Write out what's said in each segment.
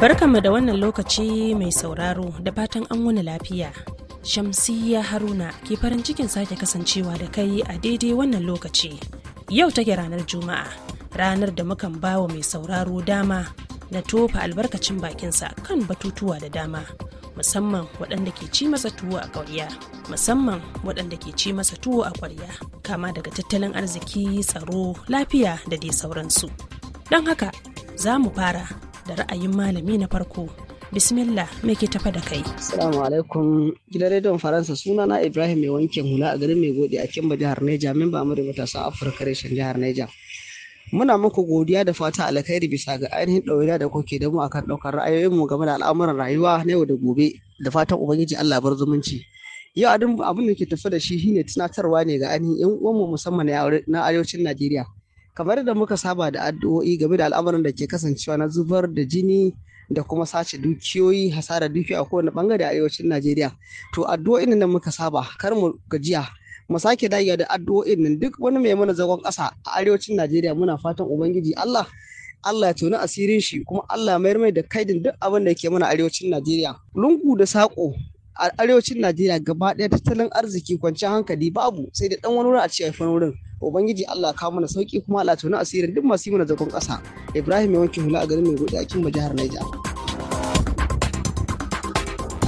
Barkanmu da wannan lokaci mai sauraro da fatan an wuni lafiya. Shamsiyya Haruna ke farin cikin sake kasancewa da kai a daidai wannan lokaci. Yau take ranar Juma'a, ranar da mukan bawa mai sauraro dama na tofa albarkacin bakinsa kan batutuwa da dama. musamman waɗanda ke ci masa tuwo a ƙwarya musamman waɗanda ke ci masa tuwo a ƙwarya kama daga tattalin arziki tsaro lafiya da dai sauransu don haka za mu fara da ra'ayin malami na farko bismillah me ke tafa da kai assalamu alaikum gidan rediyon faransa suna na ibrahim mai wankin hula a garin mai gode a kimba jihar neja memba matasa matasa afirka reshen jihar neja muna muku godiya da fata alkhairi bisa ga ainihin ɗauriya da kuke da mu akan ɗaukar ra'ayoyinmu game da al'amuran rayuwa na yau da gobe da fatan ubangiji allah bar zumunci yau abin da ke tafi da shi shine tunatarwa ne ga ainihin yan uwanmu musamman na arewacin najeriya kamar da muka saba da addu'o'i game da al'amuran da ke kasancewa na zubar da jini da kuma sace dukiyoyi hasara dukiyoyi a kowane bangare a arewacin najeriya to addu'o'in nan muka saba kar mu gajiya mu sake dagiya da addu'o'in nan duk wani mai mana zagon ƙasa a arewacin najeriya muna fatan ubangiji allah Allah ya tuna asirin shi kuma Allah ya mayar mai da kaidin duk abin da ke mana arewacin Najeriya. Lungu da sako a arewacin Najeriya gaba ɗaya tattalin arziki kwanciyar hankali babu sai da ɗan wani wurin a ce aifan wurin ubangiji Allah ka mana sauki kuma Allah tona asirin duk masu yi mana zagon ƙasa Ibrahim ya wanke hula a garin mai gudu a kin jihar Niger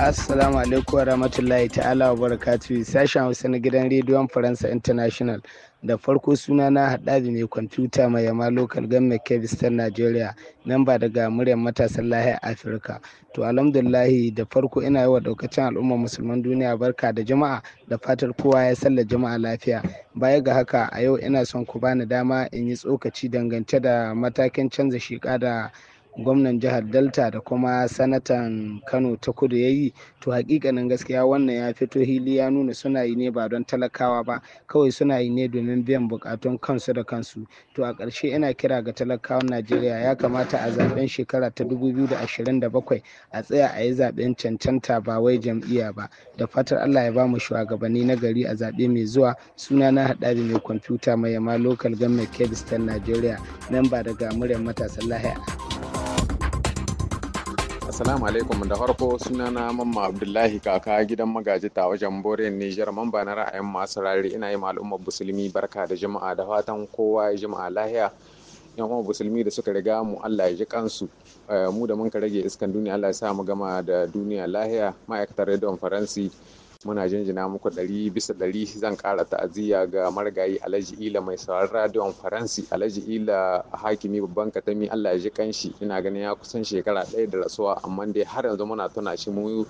Assalamu alaikum wa rahmatullahi ta'ala wa barakatuhu sashen Hausa na gidan rediyon Faransa International. Da farko suna na haɗari mai kwamfuta mai yama lokal government kebis ta Najeriya nan ba daga muryar matasan lahiyar Afirka. To alhamdulillahi da farko ina yi wa daukacin al'ummar musulman duniya barka da jama'a da fatar kowa ya sallar jama'a lafiya. Baya ga haka a yau ina son ku bani dama in yi tsokaci dangance da matakin canza shiƙa da gwamnan jihar delta da kuma sanatan kano ta kudu ya yi to hakikanin gaskiya wannan ya fito hili ya nuna suna yi ne ba don talakawa ba kawai suna yi ne domin biyan bukatun kansu da kansu to a ƙarshe ina kira ga talakawan najeriya ya kamata a zaben shekara ta 2027 a tsaya a yi zaben cancanta ba wai jam'iyya ba da fatar allah ya bamu mu shugabanni na gari a zaɓe mai zuwa suna na haɗari mai kwamfuta mai yama lokal government kebistan najeriya nan ba daga muryar matasan lahiya Assalamu alaikum da farko sunana Mamma Abdullahi kaka gidan magaji ta wajen Borin Nijar mamba na ra'ayin masu rari ina yi al'ummar musulmi barka da jama'a da fatan kowa ya jama'a lahiya yan uwan musulmi da suka riga mu Allah ya ji kansu eh, mu da mun ka rage iskan duniya Allah ya sa mu gama da duniya lahiya ma'aikatar redon Faransi muna jinjina muku ɗari bisa ɗari zan ƙara ta'aziyya ga marigayi alhaji ila mai sauran radiyon faransi alhaji ila hakimi babban katami allah ya ji kanshi ina ganin ya kusan shekara ɗaya da rasuwa amma dai har yanzu muna tuna shi mu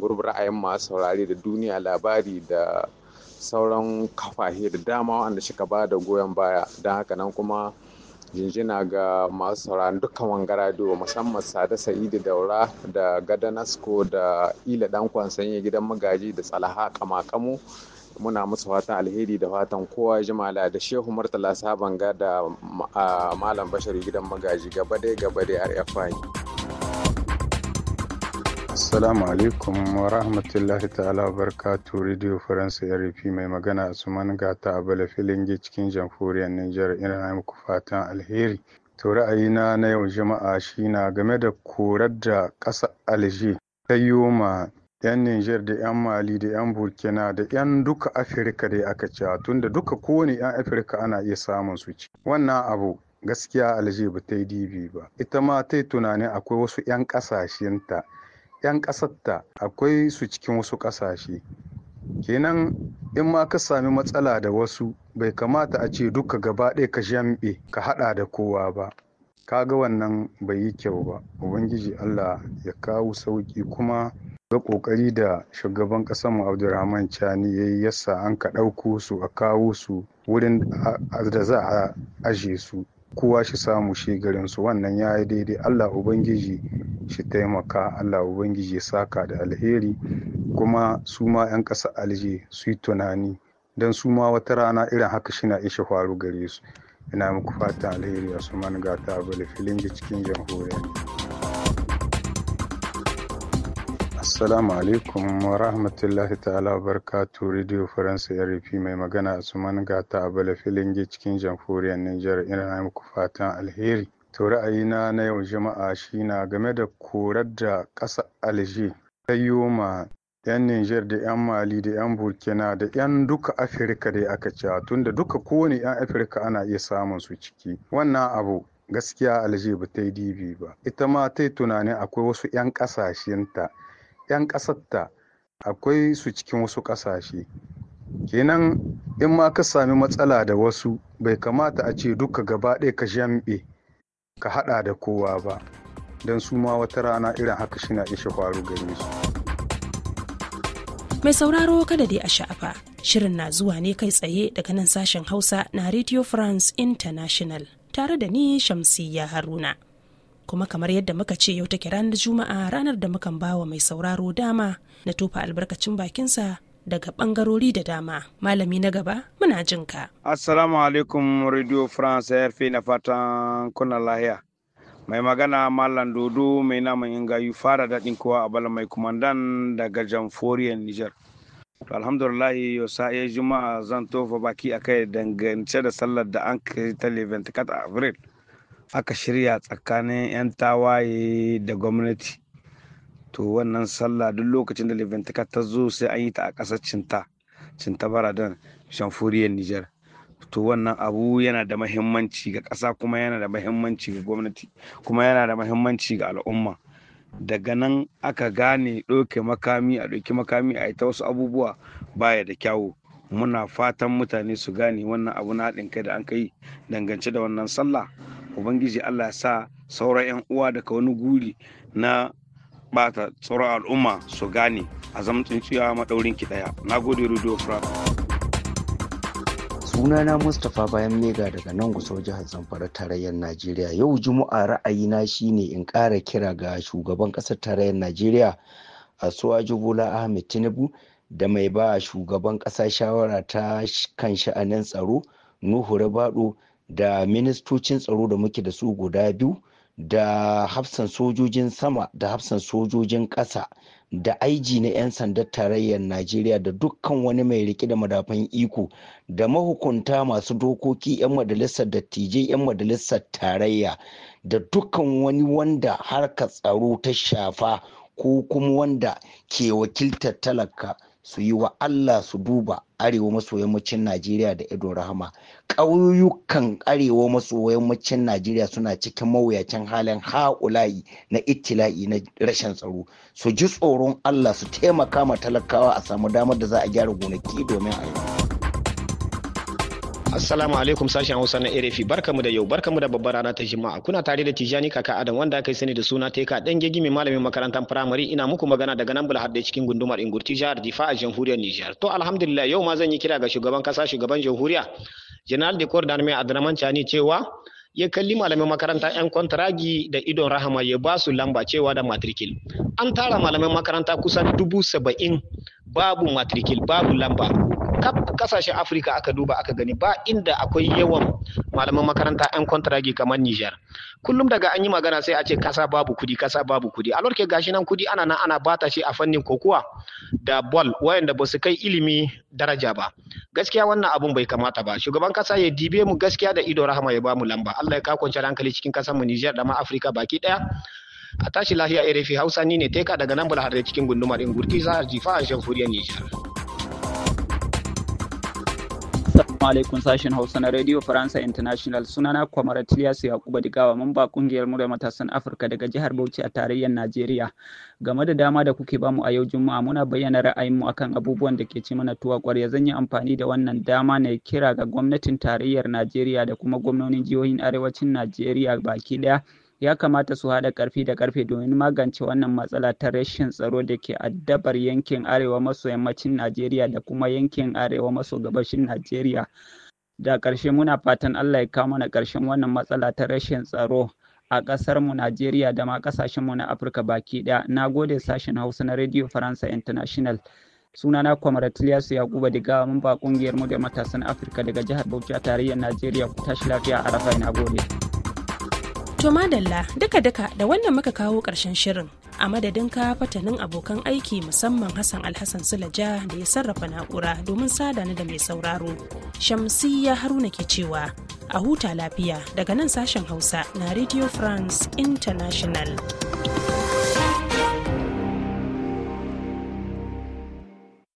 gurbin ra'ayin masu saurari da duniya labari da sauran kafahe da dama wanda suka ba da goyon baya don haka nan kuma jinjina ga masu sauraron dukkan wanga radio musamman sada sa'idu daura da gada nasko da ila dan kwansanye gidan magaji da tsalaha kamakamu muna musu fatan alheri da fatan kowa jimala da shehu murtala sabon da malam bashari gidan magaji gaba dai gaba dai rfi Assalamu alaikum wa rahmatullahi ta'ala wa barkatu Radio Faransa RP mai magana Usman Gata a Balafilingi cikin jamhuriyar Nijar ina muku fatan alheri. To ra'ayina na yau jama'a na game da korar da ƙasa Alje ta yoma 'yan Nijar da 'yan Mali da 'yan Burkina da 'yan duka Afirka da aka ci tun da duka kowane 'yan Afirka ana iya samun su ci. Wannan abu gaskiya Alje ba ta yi dibi ba. Ita ma ta yi tunanin akwai wasu 'yan ƙasashenta 'yan ƙasarta akwai su cikin wasu ƙasashe kenan in ma ka sami matsala da wasu bai kamata a ce duka gaba ɗaya ka jambe ka haɗa da kowa ba ka ga wannan bai yi kyau ba ubangiji allah ya kawo sauƙi kuma ga ƙoƙari da shugaban mu abdulrahman cani ya yi yasa an ka ɗauko su a kawo su wurin da za a aje su kowa shi samu shi garin su wannan ya yi daidai allah ubangiji shi taimaka allah ubangiji saka da alheri kuma su ma 'yan ƙasa alje su yi tunani don su ma wata rana irin haka shi na ishe faru gare su ina muku fatan alheri a su man gata filin cikin jamhuriyar Assalamu alaikum wa rahmatullahi ta'ala wa barkatu Radio Faransa RP mai magana ta Gata a Balafilingi cikin jamhuriyar Nijar ina muku fatan alheri. To ra'ayina na yau jama'a shi na game da korar da ƙasa Alje ta ma 'yan Nijar da 'yan Mali da 'yan Burkina da 'yan duka Afirka da aka ci tunda duka kowane 'yan Afirka ana iya samun su ciki. Wannan abu gaskiya Alje ba ta yi dibi ba. Ita ma ta yi tunanin akwai wasu 'yan ƙasashenta 'yan ƙasarta akwai su cikin wasu ƙasashe kenan in ma ka sami matsala da wasu bai kamata a ce duka gaba ɗaya ka jambe ka haɗa da kowa ba don su ma wata rana irin haka shi na ishe faru gare su. mai sauraro kada dai a sha'afa shirin na zuwa ne kai tsaye daga nan sashen hausa na radio france international tare da ni shamsiyya haruna kuma kamar yadda muka ce yau take ranar juma'a ranar da mukan bawa mai sauraro dama na tofa albarkacin bakinsa daga bangarori da dama malami na gaba muna jin ka assalamu alaikum radio france rfi na fatan kuna lahiya mai magana malam dodo mai naman ingayu fara daɗin kowa a bala mai kumandan daga jamforiyar niger alhamdulillah yau sa'a juma'a zan tofa baki akai dangance da sallar da an kai ta 24 avril aka shirya tsakanin 'yan tawaye da gwamnati to wannan sallah duk lokacin da leventika ta zo sai an yi ta a ƙasar cinta cinta baradan shamfuriyar nijar to wannan abu yana da mahimmanci ga ƙasa kuma yana da mahimmanci ga gwamnati kuma yana da mahimmanci ga al'umma daga nan aka gane ɗauke makami a ɗauki makami a ita wasu abubuwa baya da kyawu muna fatan mutane su gane wannan abu na haɗin kai da an kai dangance da wannan sallah ubangiji allah sa sauran 'yan uwa daga wani guri na bata tsoron al'umma su gane a zama tsintsiya maɗaurin ki ɗaya na gode radio france sunana mustapha bayan mega daga nan gusau jihar zamfara tarayyar najeriya yau juma'a ra'ayina shine in ƙara kira ga shugaban ƙasar tarayyar najeriya a suwaji bola ahmed tinubu da mai ba shugaban ƙasa shawara ta kan sha'anin tsaro nuhu rabado da ministocin tsaro da muke da su guda biyu da hafsan sojojin sama da hafsan sojojin ƙasa da aiji na 'yan sandar tarayyar najeriya da dukkan wani mai riƙe da madafan iko da mahukunta masu dokoki 'yan majalisar dattijai 'yan majalisar tarayya da dukkan wani wanda harka tsaro ta shafa ko kuma wanda ke wakiltar talaka su yi wa Allah su duba arewa maso yammacin Najeriya da Idon rahama ƙauyukan arewa maso yammacin Najeriya suna cikin mawuyacin halin ha'ula'i na itila'i na rashin tsaro su ji tsoron Allah su taimaka ma talakawa a samu damar da za a gyara gonaki domin Allah. Assalamu alaikum sashen Hausa na Erefi barkamu da yau barkamu da babbar rana ta Juma'a kuna tare da Tijani Kaka Adam wanda kai sani da suna Teka dan gegi mai malamin makarantar firamare ina muku magana daga nan Bulhar da cikin gundumar Ingurti jihar Difa a jamhuriyar Nijar to alhamdulillah yau ma zan yi kira ga shugaban kasa shugaban jamhuriya General de Cordan mai Adraman Chani cewa ya kalli malamin makaranta 'yan kwantaragi da idon rahama ya ba su lamba cewa da matrikil an tara malamin makaranta kusan dubu saba'in babu matrikil babu lamba kasashen afirka aka duba aka gani ba inda akwai yawan malaman makaranta 'yan kwantaragi kamar nijar kullum daga an yi magana sai a ce kasa babu kudi kasa babu kudi a lorke gashi nan kudi ana nan ana bata shi a fannin kokuwa da bol wayanda ba su kai ilimi daraja ba gaskiya wannan abun bai kamata ba shugaban kasa ya dibe mu gaskiya da ido rahama ya ba mu lamba Allah ya ka hankali cikin kasar mu niger da ma Afirka baki daya a tashi lafiya erefi hausa ni ne teka daga nan bulhar cikin gundumar ingurti jihar jifa a furiyar nijar Assalamu alaikum sashen Hausa na Radio Faransa International sunana Kwamar Tiliyasu Yakuba Digawa mamba kungiyar murya matasan Afirka daga jihar Bauchi a tarayyar Najeriya. Game da dama da kuke bamu a yau Juma'a muna bayyana ra'ayinmu akan abubuwan da ke ci mana tuwa kwarya zan yi amfani da wannan dama na kira ga gwamnatin tarayyar Najeriya da kuma gwamnonin jihohin arewacin Najeriya baki daya ya kamata su haɗa ƙarfi da ƙarfe domin magance wannan matsala ta rashin tsaro da ke addabar yankin arewa maso yammacin najeriya da kuma yankin arewa maso gabashin najeriya da ƙarshe muna fatan allah ya kawo mana ƙarshen wannan matsala ta rashin tsaro a ƙasarmu najeriya da ma mu na afirka baki ɗaya na gode sashen hausa na radio faransa international Suna sunana kwamar tiliyasu guba diga mun ba ƙungiyar mu da matasan afirka daga jihar bauchi a tarayyar najeriya ku tashi lafiya a rafa na gode. To madalla daka-daka da wannan muka kawo ƙarshen shirin a madadin ka fatanin abokan aiki musamman Hassan Alhassan Sulaja da ya sarrafa na'ura domin sada ni da mai sauraro. Shamsiyya Haruna ke cewa a huta lafiya daga nan sashen Hausa na Radio France International.